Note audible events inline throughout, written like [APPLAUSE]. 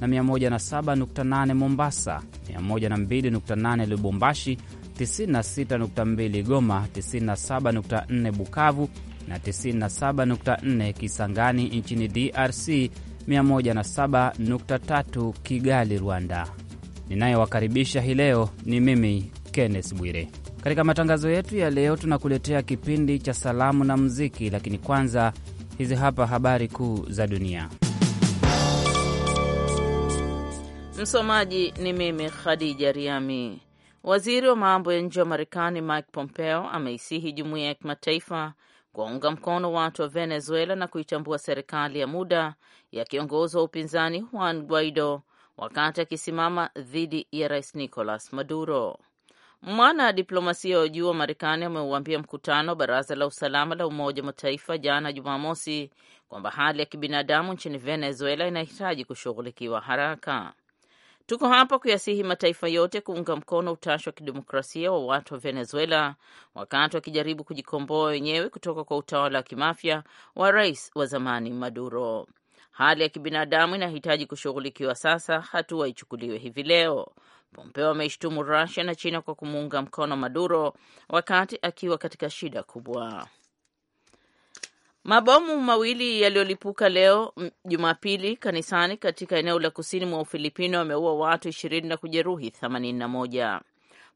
na 107.8 Mombasa, 102.8 Lubumbashi, 96.2 Goma, 97.4 Bukavu na 97.4 Kisangani nchini DRC, 107.3 Kigali, Rwanda. Ninayewakaribisha hii leo ni mimi Kenneth Bwire. Katika matangazo yetu ya leo tunakuletea kipindi cha salamu na muziki, lakini kwanza hizi hapa habari kuu za dunia. Msomaji ni mimi Khadija Riami. Waziri wa mambo ya nje wa Marekani Mike Pompeo ameisihi jumuiya ya kimataifa kuwaunga mkono watu wa Venezuela na kuitambua serikali ya muda ya kiongozi wa upinzani Juan Guaido wakati akisimama dhidi ya rais Nicolas Maduro. Mwana wa diplomasia wa juu wa Marekani ameuambia mkutano wa Baraza la Usalama la Umoja wa Mataifa jana Jumamosi kwamba hali ya kibinadamu nchini Venezuela inahitaji kushughulikiwa haraka. Tuko hapa kuyasihi mataifa yote kuunga mkono utashi wa kidemokrasia wa watu wa Venezuela wakati wakijaribu kujikomboa wenyewe kutoka kwa utawala wa kimafya wa rais wa zamani Maduro. Hali ya kibinadamu inahitaji kushughulikiwa sasa, hatua ichukuliwe hivi leo. Pompeo ameishtumu Rusia na China kwa kumuunga mkono Maduro wakati akiwa katika shida kubwa. Mabomu mawili yaliyolipuka leo Jumapili kanisani katika eneo la kusini mwa Ufilipino wameua watu ishirini na kujeruhi themanini na moja.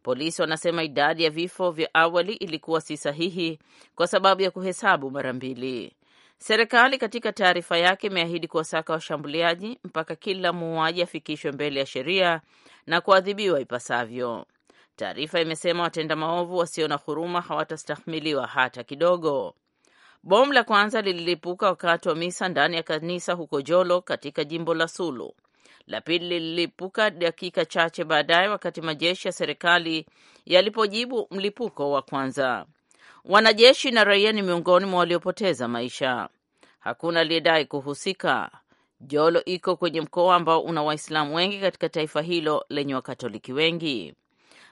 Polisi wanasema idadi ya vifo vya awali ilikuwa si sahihi kwa sababu ya kuhesabu mara mbili. Serikali katika taarifa yake imeahidi kuwasaka washambuliaji mpaka kila muuaji afikishwe mbele ya sheria na kuadhibiwa ipasavyo. Taarifa imesema watenda maovu wasio na huruma hawatastahimiliwa hata kidogo. Bomu la kwanza lililipuka wakati wa misa ndani ya kanisa huko Jolo katika jimbo la Sulu. La pili lililipuka dakika chache baadaye wakati majeshi ya serikali yalipojibu mlipuko wa kwanza. Wanajeshi na raia ni miongoni mwa waliopoteza maisha. Hakuna aliyedai kuhusika. Jolo iko kwenye mkoa ambao una Waislamu wengi katika taifa hilo lenye Wakatoliki wengi.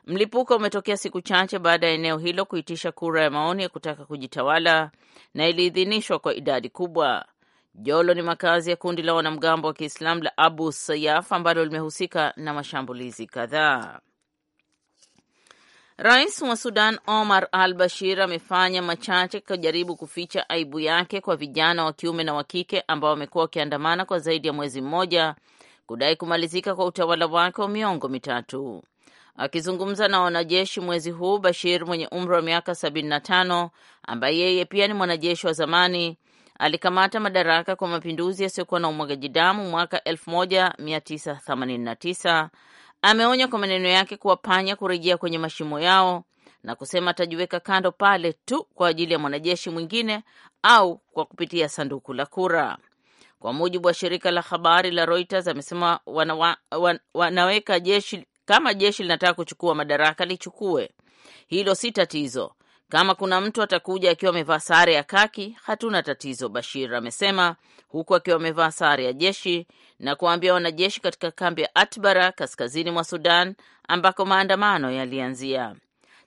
Mlipuko umetokea siku chache baada ya eneo hilo kuitisha kura ya maoni ya kutaka kujitawala na iliidhinishwa kwa idadi kubwa. Jolo ni makazi ya kundi la wanamgambo wa Kiislamu la Abu Sayyaf ambalo limehusika na mashambulizi kadhaa. Rais wa Sudan Omar al Bashir amefanya machache kujaribu kuficha aibu yake kwa vijana wa kiume na wa kike ambao wamekuwa wakiandamana kwa zaidi ya mwezi mmoja kudai kumalizika kwa utawala wake wa miongo mitatu. Akizungumza na wanajeshi mwezi huu, Bashir mwenye umri wa miaka 75 ambaye yeye pia ni mwanajeshi wa zamani alikamata madaraka kwa mapinduzi yasiyokuwa na umwagaji damu mwaka 1989. Ameonya kwa maneno yake kuwapanya kurejea kwenye mashimo yao na kusema atajiweka kando pale tu kwa ajili ya mwanajeshi mwingine au kwa kupitia sanduku la kura. Kwa mujibu wa shirika la habari la Reuters, amesema wana, wan, wanaweka jeshi kama jeshi linataka kuchukua madaraka lichukue, hilo si tatizo. Kama kuna mtu atakuja akiwa amevaa sare ya kaki, hatuna tatizo, Bashir amesema huku akiwa amevaa sare ya jeshi na kuwaambia wanajeshi katika kambi ya Atbara kaskazini mwa Sudan ambako maandamano yalianzia.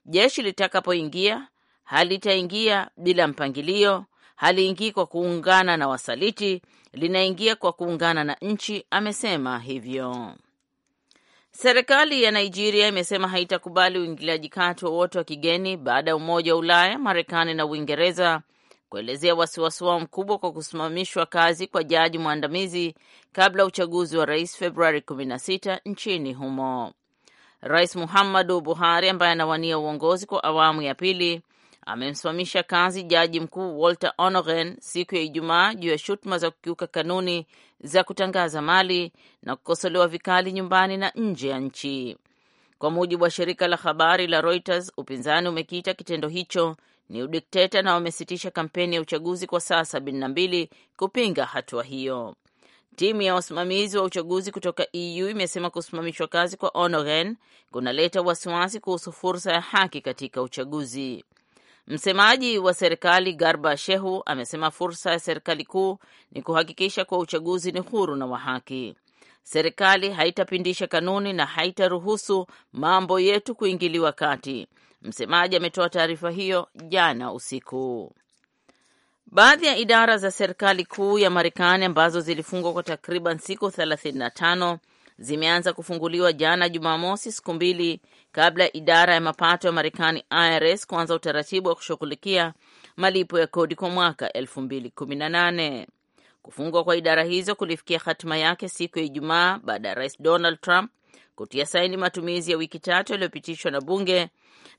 Jeshi litakapoingia halitaingia bila mpangilio, haliingii kwa kuungana na wasaliti, linaingia kwa kuungana na nchi, amesema hivyo. Serikali ya Nigeria imesema haitakubali uingiliaji kati wowote wa kigeni baada ya Umoja wa Ulaya, Marekani na Uingereza kuelezea wasiwasi wao mkubwa kwa kusimamishwa kazi kwa jaji mwandamizi kabla ya uchaguzi wa rais Februari 16 nchini humo. Rais Muhammadu Buhari ambaye anawania uongozi kwa awamu ya pili amemsimamisha kazi jaji mkuu Walter Onnoghen siku ya Ijumaa juu ya shutuma za kukiuka kanuni za kutangaza mali na kukosolewa vikali nyumbani na nje ya nchi. Kwa mujibu wa shirika la habari la Reuters, upinzani umekiita kitendo hicho ni udikteta na wamesitisha kampeni ya uchaguzi kwa saa sabini na mbili kupinga hatua hiyo. Timu ya wasimamizi wa uchaguzi kutoka EU imesema kusimamishwa kazi kwa Onoren kunaleta wasiwasi kuhusu fursa ya haki katika uchaguzi. Msemaji wa serikali Garba Shehu amesema fursa ya serikali kuu ni kuhakikisha kuwa uchaguzi ni huru na wa haki. Serikali haitapindisha kanuni na haitaruhusu mambo yetu kuingiliwa kati. Msemaji ametoa taarifa hiyo jana usiku. Baadhi ya idara za serikali kuu ya Marekani ambazo zilifungwa kwa takriban siku tano zimeanza kufunguliwa jana Jumamosi, siku mbili kabla ya idara ya mapato ya Marekani IRS kuanza utaratibu wa kushughulikia malipo ya kodi kwa mwaka 2018. Kufungwa kwa idara hizo kulifikia hatima yake siku ya Ijumaa baada ya Rais Donald Trump kutia saini matumizi ya wiki tatu yaliyopitishwa na bunge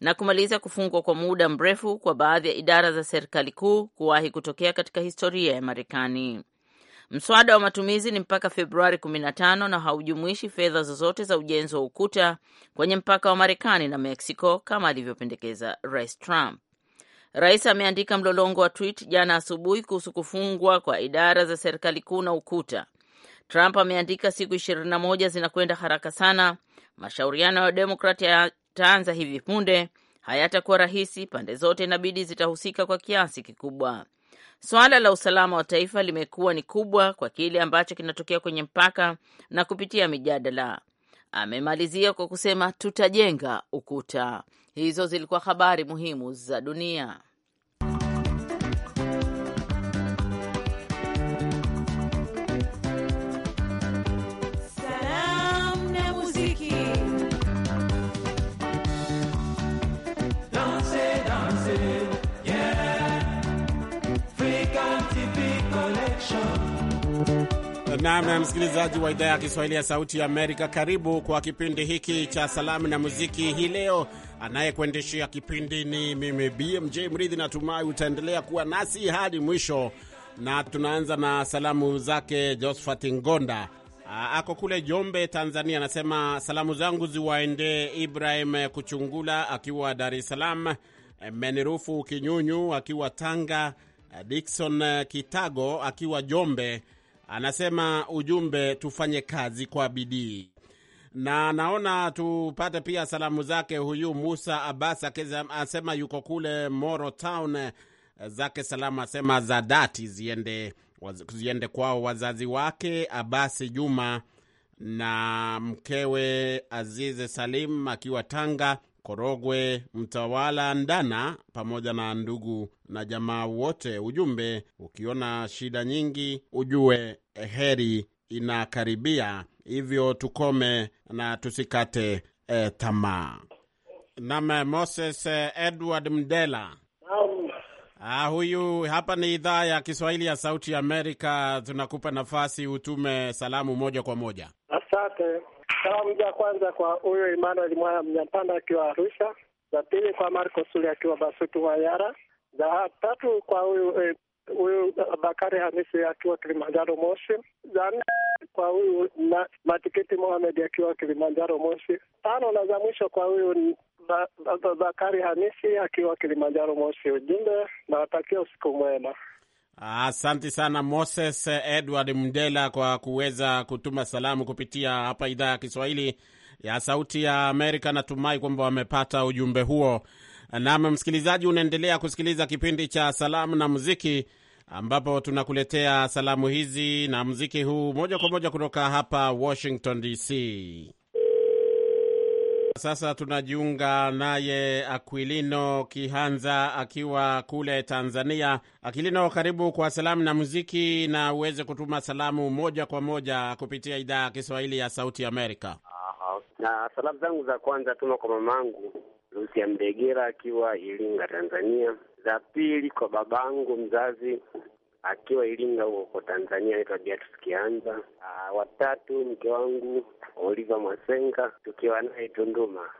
na kumaliza kufungwa kwa muda mrefu kwa baadhi ya idara za serikali kuu kuwahi kutokea katika historia ya Marekani. Mswada wa matumizi ni mpaka Februari 15 na haujumuishi fedha zozote za ujenzi wa ukuta kwenye mpaka wa Marekani na Mexico kama alivyopendekeza Rais Trump. Rais ameandika mlolongo wa tweet jana asubuhi kuhusu kufungwa kwa idara za serikali kuu na ukuta. Trump ameandika siku 21 zinakwenda haraka sana. Mashauriano ya Demokrat yataanza hivi punde, hayatakuwa rahisi. Pande zote inabidi zitahusika kwa kiasi kikubwa. Suala la usalama wa taifa limekuwa ni kubwa kwa kile ambacho kinatokea kwenye mpaka na kupitia mijadala. Amemalizia kwa kusema tutajenga ukuta. Hizo zilikuwa habari muhimu za dunia. nam msikilizaji wa idhaa ya Kiswahili ya Sauti ya Amerika, karibu kwa kipindi hiki cha salamu na muziki hii leo. Anayekuendeshea kipindi ni mimi BMJ Mridhi. Natumai utaendelea kuwa nasi hadi mwisho, na tunaanza na salamu zake Josphat Ngonda, ako kule Jombe, Tanzania. Anasema salamu zangu ziwaendee Ibrahim Kuchungula akiwa Dar es Salaam, Menirufu Kinyunyu akiwa Tanga, Dikson Kitago akiwa Jombe, Anasema ujumbe, tufanye kazi kwa bidii na naona tupate pia salamu zake huyu Musa Abbas, asema yuko kule Moro Town. Zake salamu asema za dhati ziende, ziende kwao wazazi wake Abasi Juma na mkewe Azize Salim akiwa Tanga, Korogwe, Mtawala, Ndana pamoja na ndugu na jamaa wote. Ujumbe ukiona shida nyingi ujue heri inakaribia, hivyo tukome na tusikate eh, tamaa. Nam Moses eh, Edward Mdela. Ah, huyu hapa ni idhaa ya Kiswahili ya Sauti ya Amerika. Tunakupa nafasi utume salamu moja kwa moja. Asante. Salamu za kwanza kwa huyo Emmanuel Mwaya Mnyampanda akiwa Arusha, za pili kwa Marco Sule akiwa Basutu mayara za tatu kwa huyu eh, huyu Bakari Hamisi akiwa Kilimanjaro Moshi, za nne kwa huyu Matikiti Mohamed akiwa Kilimanjaro Moshi, tano na za mwisho kwa huyu Bakari Hamisi akiwa Kilimanjaro Moshi. Ujumbe nawatakia usiku mwema. Asante sana Moses Edward Mdela kwa kuweza kutuma salamu kupitia hapa idhaa ya Kiswahili ya Sauti ya Amerika. Natumai kwamba wamepata ujumbe huo. Nam msikilizaji, unaendelea kusikiliza kipindi cha Salamu na Muziki, ambapo tunakuletea salamu hizi na muziki huu moja kwa moja kutoka hapa Washington DC. Sasa tunajiunga naye Aquilino Kihanza akiwa kule Tanzania. Aquilino, karibu kwa salamu na muziki, na uweze kutuma salamu moja kwa moja kupitia idhaa ya Kiswahili ya Sauti Amerika. Na salamu zangu za kwanza tuma kwa mamangu Lucia Mdegera akiwa Iringa, Tanzania. Za pili kwa babangu mzazi akiwa Iringa huko kwa Tanzania, anaitwa Beatrice Kianza. Ah, watatu mke wangu Oliva Mwasenga, tukiwa naye Tunduma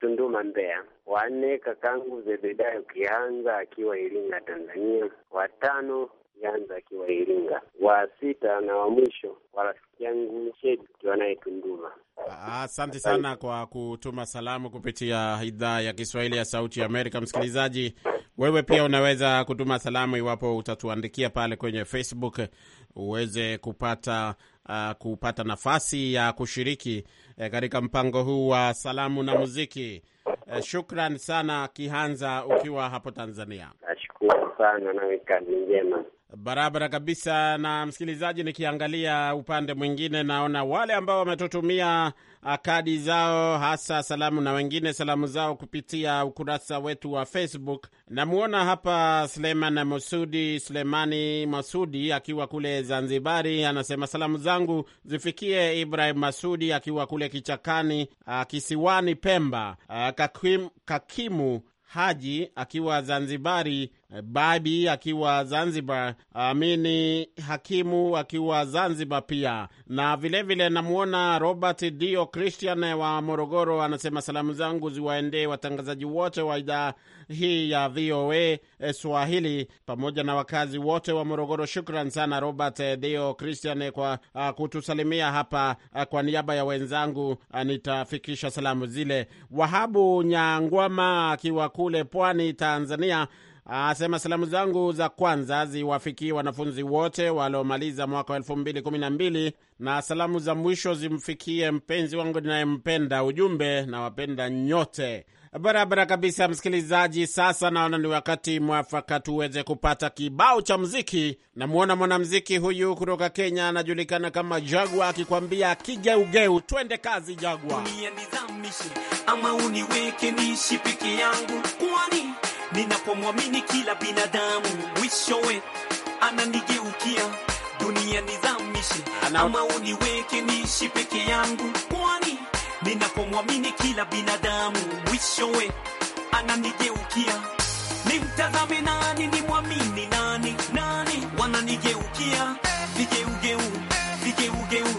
Tunduma Mbeya. Wanne kakangu Zebedayo Kianza akiwa Iringa Tanzania. Watano Kianza akiwa Iringa. Wa sita na wa mwisho wa rafiki yangu Shedi tukiwa naye Tunduma. Ah, asante sana kwa kutuma salamu kupitia idhaa ya Kiswahili ya Sauti ya Amerika. Msikilizaji, wewe pia unaweza kutuma salamu iwapo utatuandikia pale kwenye Facebook uweze kupata uh, kupata nafasi ya kushiriki eh, katika mpango huu wa salamu na muziki. Eh, shukran sana Kihanza, ukiwa hapo Tanzania. Nashukuru sana, nawe kazi njema. Barabara kabisa. Na msikilizaji, nikiangalia upande mwingine, naona wale ambao wametutumia ah, kadi zao, hasa salamu na wengine salamu zao kupitia ukurasa wetu wa Facebook. Namwona hapa Suleman Masudi, Sulemani Masudi akiwa kule Zanzibari, anasema salamu zangu zifikie Ibrahim Masudi akiwa kule kichakani ah, kisiwani Pemba, ah, kakim, Kakimu Haji akiwa Zanzibari Eh, Babi akiwa Zanzibar, ah, Amini Hakimu akiwa Zanzibar pia, na vilevile namwona Robert Dio Christian wa Morogoro, anasema salamu zangu ziwaendee watangazaji wote wa idhaa hii ya VOA eh, Swahili pamoja na wakazi wote wa Morogoro. Shukran sana Robert eh, Dio Christian kwa a, ah, kutusalimia hapa. a, ah, kwa niaba ya wenzangu nitafikisha salamu zile. Wahabu Nyangwama akiwa kule Pwani, Tanzania asema salamu zangu za kwanza ziwafikie wanafunzi wote waliomaliza mwaka wa elfu mbili kumi na mbili na salamu za mwisho zimfikie mpenzi wangu ninayempenda. Ujumbe na wapenda nyote barabara kabisa, msikilizaji. Sasa naona ni wakati mwafaka tuweze kupata kibao cha mziki Namwona mwanamziki huyu kutoka Kenya anajulikana kama Jagwa akikwambia Kigeugeu. Twende kazi, Jagwa. Ama uniweke nishi peke yangu kwani ninapomwamini kila binadamu mwishowe ananigeukia dunia nizamishe ama uniweke niishi peke yangu kwani ninapomwamini kila binadamu mwishowe ananigeukia nimtazame nani nimwamini nani nani wananigeukia vigeugeu vigeugeu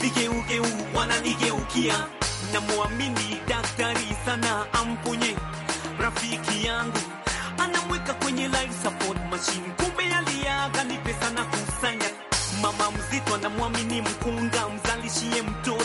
vigeugeu wananigeukia namwamini daktari chini, kumbe aliaga ni pesa na kusanya. Mama mzito anamwamini mkunga, mzalishie mtoto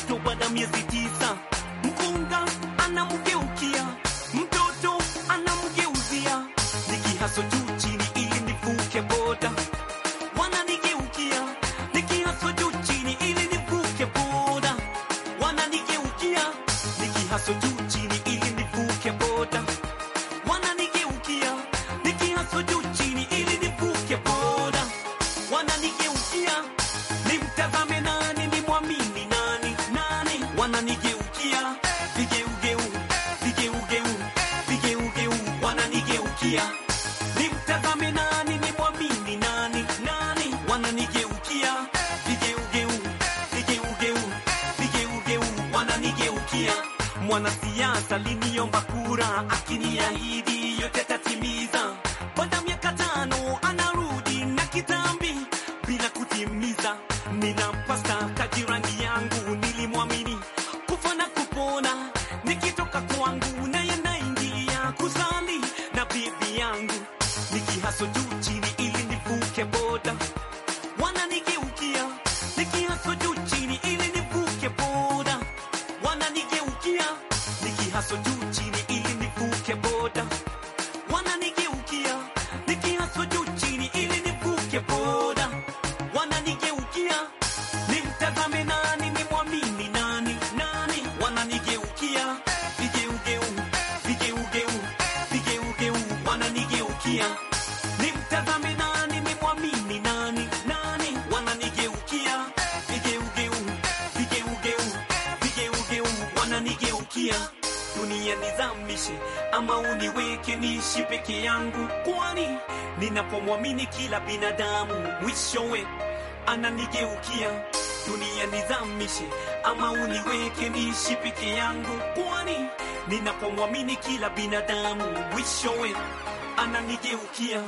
mwanasiasa liniomba kura akiniahidi yote tatimiza niweke niishi peke yangu, kwani ninapomwamini kila binadamu mwishowe ananigeukia. Dunia nizamishe ama uniweke niishi peke yangu, kwani ninapomwamini kila binadamu mwishowe ananigeukia.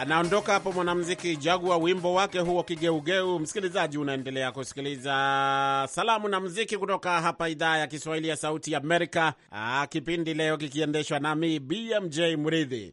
Anaondoka hapo mwanamuziki Jagua, wimbo wake huo Kigeugeu. Msikilizaji, unaendelea kusikiliza salamu na muziki kutoka hapa idhaa ya Kiswahili ya Sauti Amerika, kipindi leo kikiendeshwa nami BMJ Mridhi.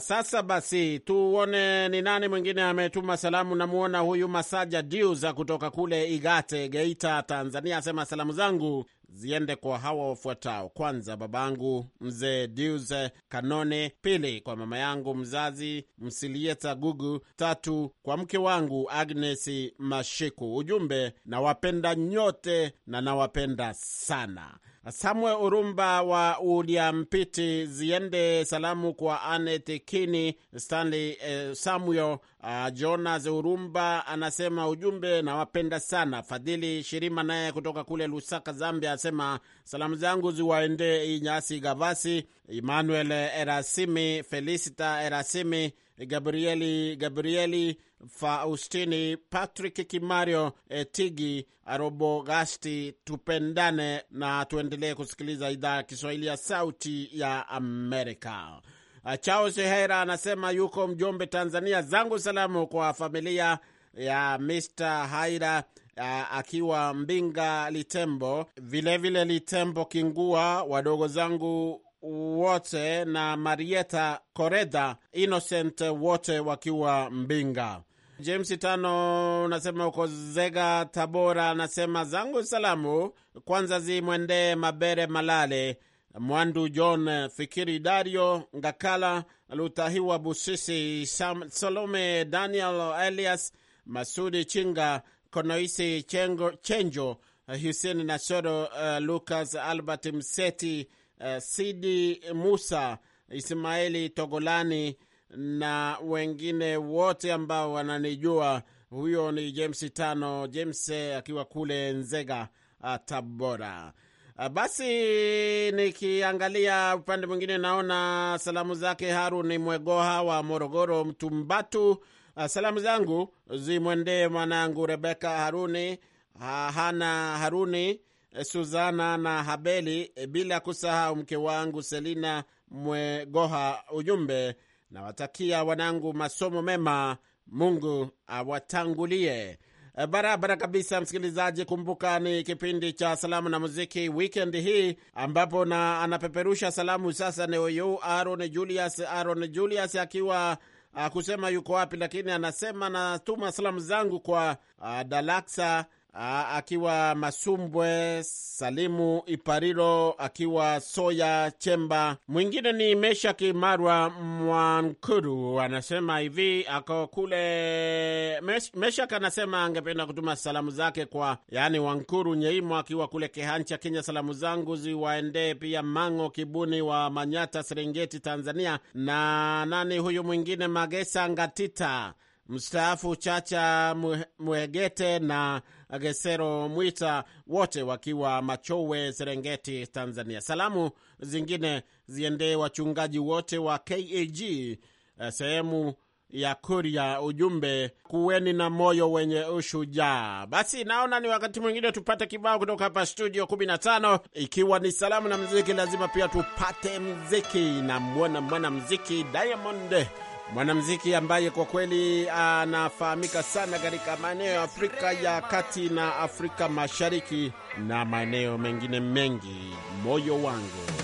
Sasa basi, tuone ni nani mwingine ametuma salamu. Namwona huyu Masaja Diuza kutoka kule Igate, Geita, Tanzania, asema salamu zangu ziende kwa hawa wafuatao: kwanza, babangu mzee Diuse Kanone; pili, kwa mama yangu mzazi Msilieta Gugu; tatu, kwa mke wangu Agnes Mashiku. Ujumbe, nawapenda nyote na nawapenda sana. Samuel Urumba wa Uliampiti, ziende salamu kwa Anet Kini, Stanley eh, Samuel uh, Jonas Urumba anasema ujumbe, nawapenda sana. Fadhili Shirima naye kutoka kule Lusaka, Zambia, asema salamu zangu ziwaende Inyasi Gavasi, Emmanuel Erasimi, Felicita Erasimi Gabrieli, Gabrieli Faustini, Patrick Kimario, eh, Tigi Arobogasti. Tupendane na tuendelee kusikiliza idhaa ya Kiswahili ya Sauti ya Amerika. Ah, Charles Hera anasema yuko Mjombe, Tanzania. Zangu salamu kwa familia ya Mr Haira ah, akiwa Mbinga Litembo, vilevile vile Litembo Kingua, wadogo zangu wote na Marieta Koreda Innocent wote wakiwa Mbinga. James tano unasema uko Zega, Tabora, anasema zangu salamu kwanza zimwendee Mabere Malale, Mwandu John, Fikiri Dario, Ngakala Lutahiwa, Busisi Sam, Salome Daniel, Elias Masudi Chinga, Konoisi Chengo, Chenjo, Hussein Nasoro, uh, Lucas Albert Mseti uh, Sidi Musa, ismaeli Togolani na wengine wote ambao wananijua. Huyo ni James tano James akiwa kule Nzega, eh, Tabora. Eh, basi nikiangalia upande mwingine, naona salamu zake Haruni Mwegoha wa Morogoro, Mtumbatu. Salamu zangu zimwendee mwanangu Rebeka Haruni, Hana Haruni, Eh, Suzana na Habeli, eh, bila kusahau mke wangu Selina Mwegoha. Ujumbe, nawatakia wanangu masomo mema, Mungu awatangulie eh, barabara kabisa. Msikilizaji, kumbuka ni kipindi cha salamu na muziki wikendi hii, ambapo na anapeperusha salamu sasa ni huyu Aaron Julius. Aaron Julius akiwa ah, kusema yuko wapi, lakini anasema natuma salamu zangu kwa ah, Dalaksa akiwa Masumbwe, Salimu Ipariro akiwa Soya Chemba. Mwingine ni Mesha Kimarwa Mwankuru, anasema hivi, ako kule Mesh. Meshak anasema angependa kutuma salamu zake kwa yani Wankuru Nyeimo akiwa kule Kehancha, Kenya. Salamu zangu ziwaendee pia Mango Kibuni wa Manyata, Serengeti, Tanzania, na nani huyu mwingine, Magesa Ngatita mstaafu, Chacha Mwegete na Gesero Mwita, wote wakiwa Machowe, Serengeti, Tanzania. Salamu zingine ziendee wachungaji wote wa KAG eh, sehemu ya Kuria. Ujumbe, kuweni na moyo wenye ushujaa. Basi naona ni wakati mwingine tupate kibao kutoka hapa studio 15. Ikiwa ni salamu na mziki, lazima pia tupate mziki na mwana mwana mziki Diamond mwanamuziki ambaye kwa kweli anafahamika sana katika maeneo ya Afrika ya Kati na Afrika Mashariki na maeneo mengine mengi. Moyo wangu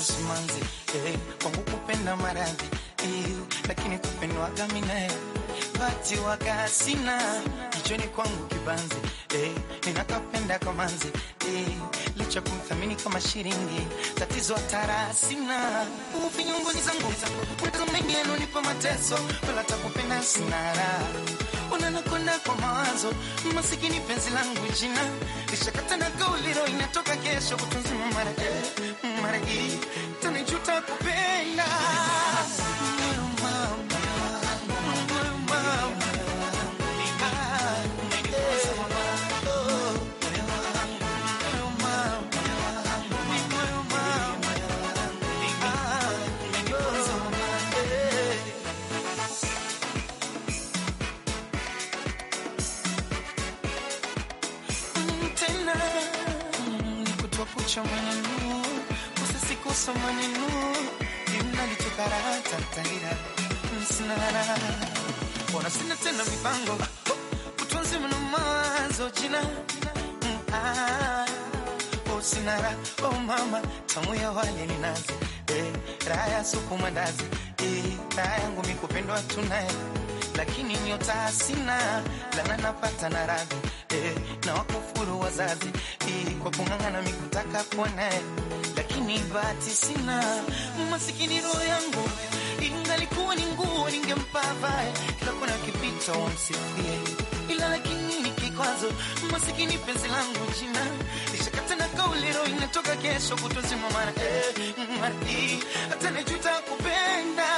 msimanzi eh, kwangu kupenda maradhi eh, lakini kupendwaga minae bati wakasina kichoni kwangu kibanzi eh, ninakapenda kamanzi eh, licha kumthamini kama shilingi tatizo atarasina upinyunguni zangu mtazamengenu nipo mateso wala takupenda sinara mbona nakwenda kwa mawazo masikini, penzi langu jina lishakata na kauliro inatoka kesho, kutunzima mara mara hii tanijuta kupenda sina tena mipango utunzi mna mazo jina osinara o mama tamu ya wali ninazi eh, raya suku mandazi eh, raya yangu mikupendwa tunaye lakini nyota sina lana napata na radhi eh, na wakufuru wazazi kwa kung'ang'ana mikutaka kuwa naye, lakini bahati sina. Masikini roho yangu ingalikuwa ni nguo ningempa vae, kila kona kipita wamsifie, ila lakini ni kikwazo. Masikini penzi langu jina lishakata na kauli, roho inatoka kesho kutozima mara, eh, hata najuta kupenda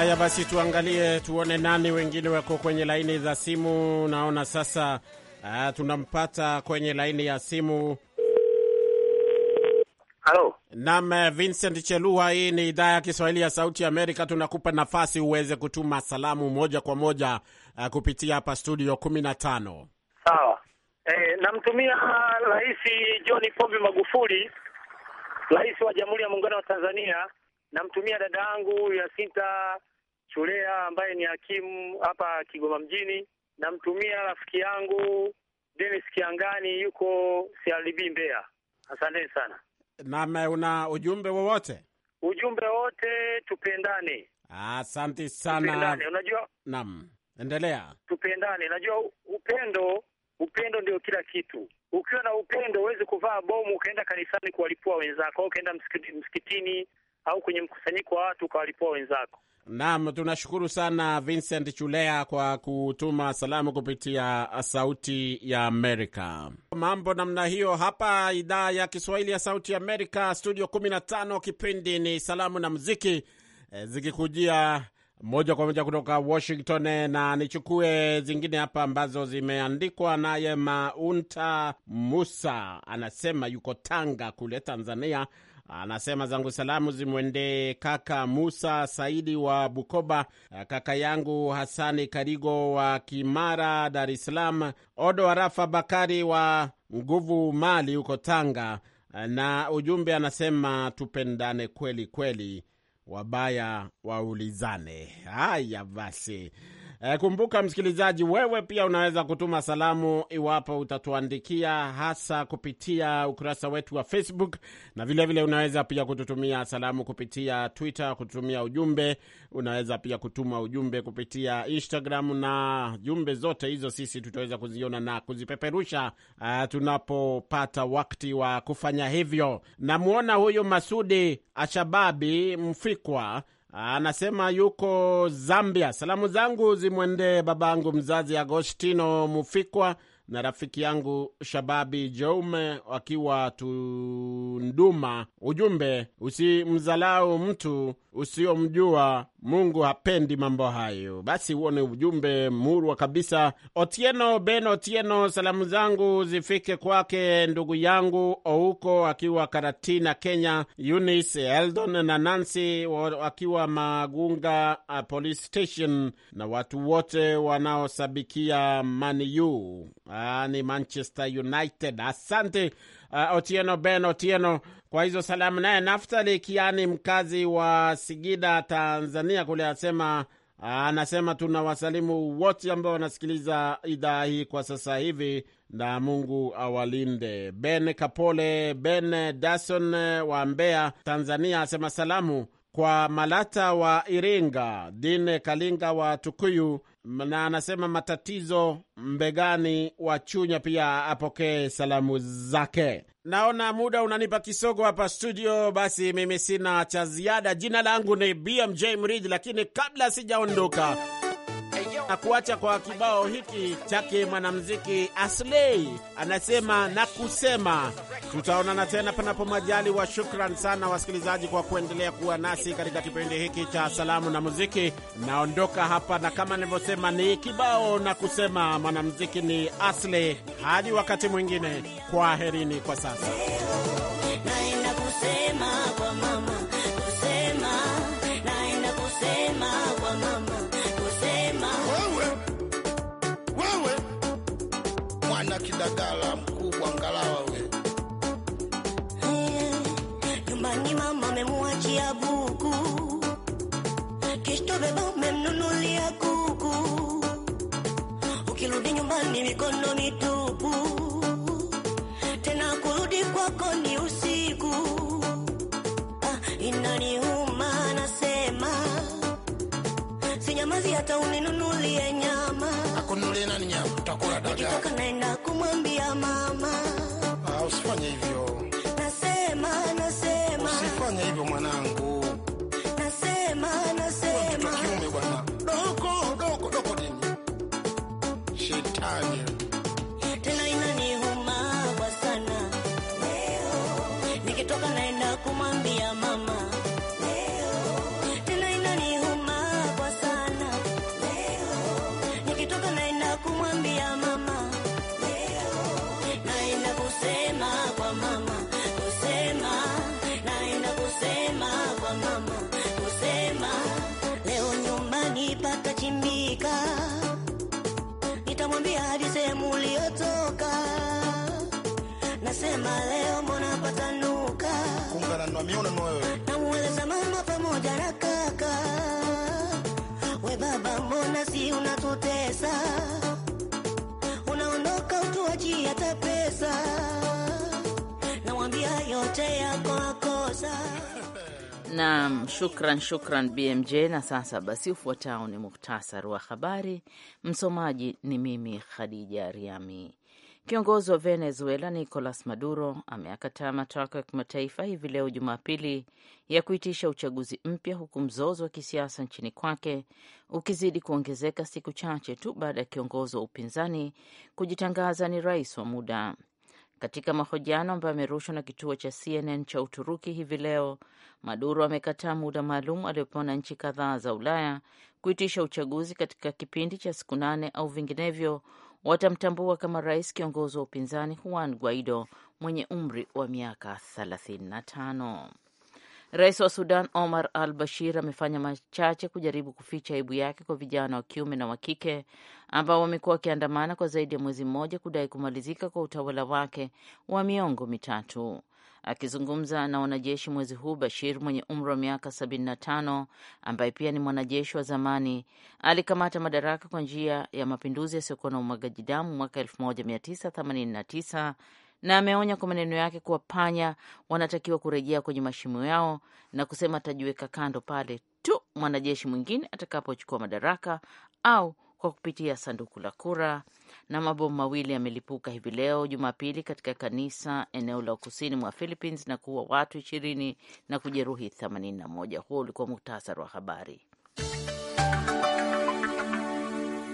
Haya basi, tuangalie tuone nani wengine wako kwenye laini za simu. Naona sasa uh, tunampata kwenye laini ya simu. Halo. Naam, Vincent Chelua, hii ni idhaa ya Kiswahili ya Sauti Amerika. Tunakupa nafasi uweze kutuma salamu moja kwa moja uh, kupitia hapa studio kumi na tano. Sawa. E, namtumia ah, Rais John Pombe Magufuli, Rais wa Jamhuri ya Muungano wa Tanzania. Namtumia dada yangu Yasinta Chulea ambaye ni hakimu hapa Kigoma mjini. Namtumia rafiki yangu Dennis Kiangani, yuko CRDB Mbeya. Asanteni sana. Na una ujumbe wowote? Ujumbe wote tupendane. Asante sana. Tupendane. Unajua? Naam. Endelea. Tupendane. najua upendo, upendo ndio kila kitu. Ukiwa na upendo huwezi kuvaa bomu ukaenda kanisani kuwalipua wenzako au ukaenda msikitini au kwenye mkusanyiko wa watu ukawalipua wenzako. Naam, tunashukuru sana Vincent Chulea kwa kutuma salamu kupitia Sauti ya Amerika. Mambo namna hiyo hapa idhaa ya Kiswahili ya Sauti ya Amerika, studio 15. Kipindi ni Salamu na Muziki e, zikikujia moja kwa moja kutoka Washington, na nichukue zingine hapa ambazo zimeandikwa naye Maunta Musa, anasema yuko Tanga kule Tanzania Anasema zangu salamu zimwendee kaka Musa Saidi wa Bukoba, kaka yangu Hasani Karigo wa Kimara, Dar es Salaam, Odo Arafa Bakari wa Nguvu Mali huko Tanga, na ujumbe anasema tupendane kweli kweli, wabaya waulizane. Haya basi. E, kumbuka msikilizaji, wewe pia unaweza kutuma salamu iwapo utatuandikia hasa kupitia ukurasa wetu wa Facebook, na vilevile vile unaweza pia kututumia salamu kupitia Twitter, kututumia ujumbe. Unaweza pia kutuma ujumbe kupitia Instagram, na jumbe zote hizo sisi tutaweza kuziona na kuzipeperusha uh, tunapopata wakati wa kufanya hivyo. Namwona huyu Masudi Ashababi Mfikwa anasema yuko Zambia. Salamu zangu zimwendee babangu mzazi Agostino Mufikwa na rafiki yangu Shababi Jeume wakiwa Tunduma. Ujumbe, usimzalau mtu usiomjua Mungu hapendi mambo hayo. Basi huo ni ujumbe murwa kabisa. Otieno Ben Otieno, salamu zangu zifike kwake ndugu yangu Ouko akiwa Karatina, Kenya, Eunice Eldon na Nancy wakiwa Magunga uh, Police Station na watu wote wanaosabikia Man U ni yaani Manchester United. Asante uh, Otieno Ben Otieno kwa hizo salamu. Naye Naftali Kiani, mkazi wa sigida Tanzania kule, asema uh, anasema tuna wasalimu wote ambao wanasikiliza idhaa hii kwa sasa hivi, na Mungu awalinde. Ben Kapole Ben Dason uh, wa Mbeya, Tanzania, asema salamu kwa Malata wa Iringa, Dine Kalinga wa Tukuyu, na anasema matatizo Mbegani wa Chunya pia apokee salamu zake. Naona muda unanipa kisogo hapa studio, basi mimi sina cha ziada. Jina langu ni BMJ Mridhi, lakini kabla sijaondoka na kuacha kwa kibao hiki chake mwanamuziki Asley anasema na kusema. Tutaonana tena panapo wa Shukran sana wasikilizaji kwa kuendelea kuwa nasi katika kipindi hiki cha salamu na muziki. Naondoka hapa na kama nilivyosema, ni kibao na kusema, mwanamuziki ni Asley. Hadi wakati mwingine, kwa herini kwa sasa. nyumbani mikono mitupu, tena kurudi kwako ni usiku. Ah, inaniuma nasema, sinyamazi hata uninunulie nyama. Akunulie nani nyama? Takula dagaa. Nikitoka naenda kumwambia mama. Ah, usifanye hivyo. Amiona moyo namueleza mama pamoja na kaka, we baba, mbona si unatutesa? Unaondoka utuachie hata pesa, nawambia yote yako akosa. [LAUGHS] Naam, shukran shukran BMJ. Na sasa basi, ufuatao ni muhtasari wa habari. Msomaji ni mimi Khadija Riami. Kiongozi wa Venezuela Nicolas Maduro ameakataa matakwa ya kimataifa hivi leo Jumapili ya kuitisha uchaguzi mpya, huku mzozo wa kisiasa nchini kwake ukizidi kuongezeka siku chache tu baada ya kiongozi wa upinzani kujitangaza ni rais wa muda. Katika mahojiano ambayo amerushwa na kituo cha CNN cha Uturuki hivi leo, Maduro amekataa muda maalum aliopewa na nchi kadhaa za Ulaya kuitisha uchaguzi katika kipindi cha siku nane au vinginevyo watamtambua kama rais kiongozi wa upinzani Juan Guaido mwenye umri wa miaka 35. Rais wa Sudan Omar al Bashir amefanya machache kujaribu kuficha aibu yake kwa vijana wa kiume na wa kike ambao wamekuwa wakiandamana kwa zaidi ya mwezi mmoja kudai kumalizika kwa utawala wake wa miongo mitatu. Akizungumza na wanajeshi mwezi huu, Bashir mwenye umri wa miaka 75 ambaye pia ni mwanajeshi wa zamani alikamata madaraka kwa njia ya mapinduzi yasiyokuwa na umwagaji damu mwaka 1989 na ameonya kwa maneno yake kuwa panya wanatakiwa kurejea kwenye mashimo yao na kusema atajiweka kando pale tu mwanajeshi mwingine atakapochukua madaraka au kwa kupitia sanduku la kura, na mabomu mawili yamelipuka hivi leo Jumapili katika kanisa eneo la kusini mwa Philippines na kuua watu ishirini na kujeruhi themanini na moja. Huo ulikuwa muhtasari wa habari.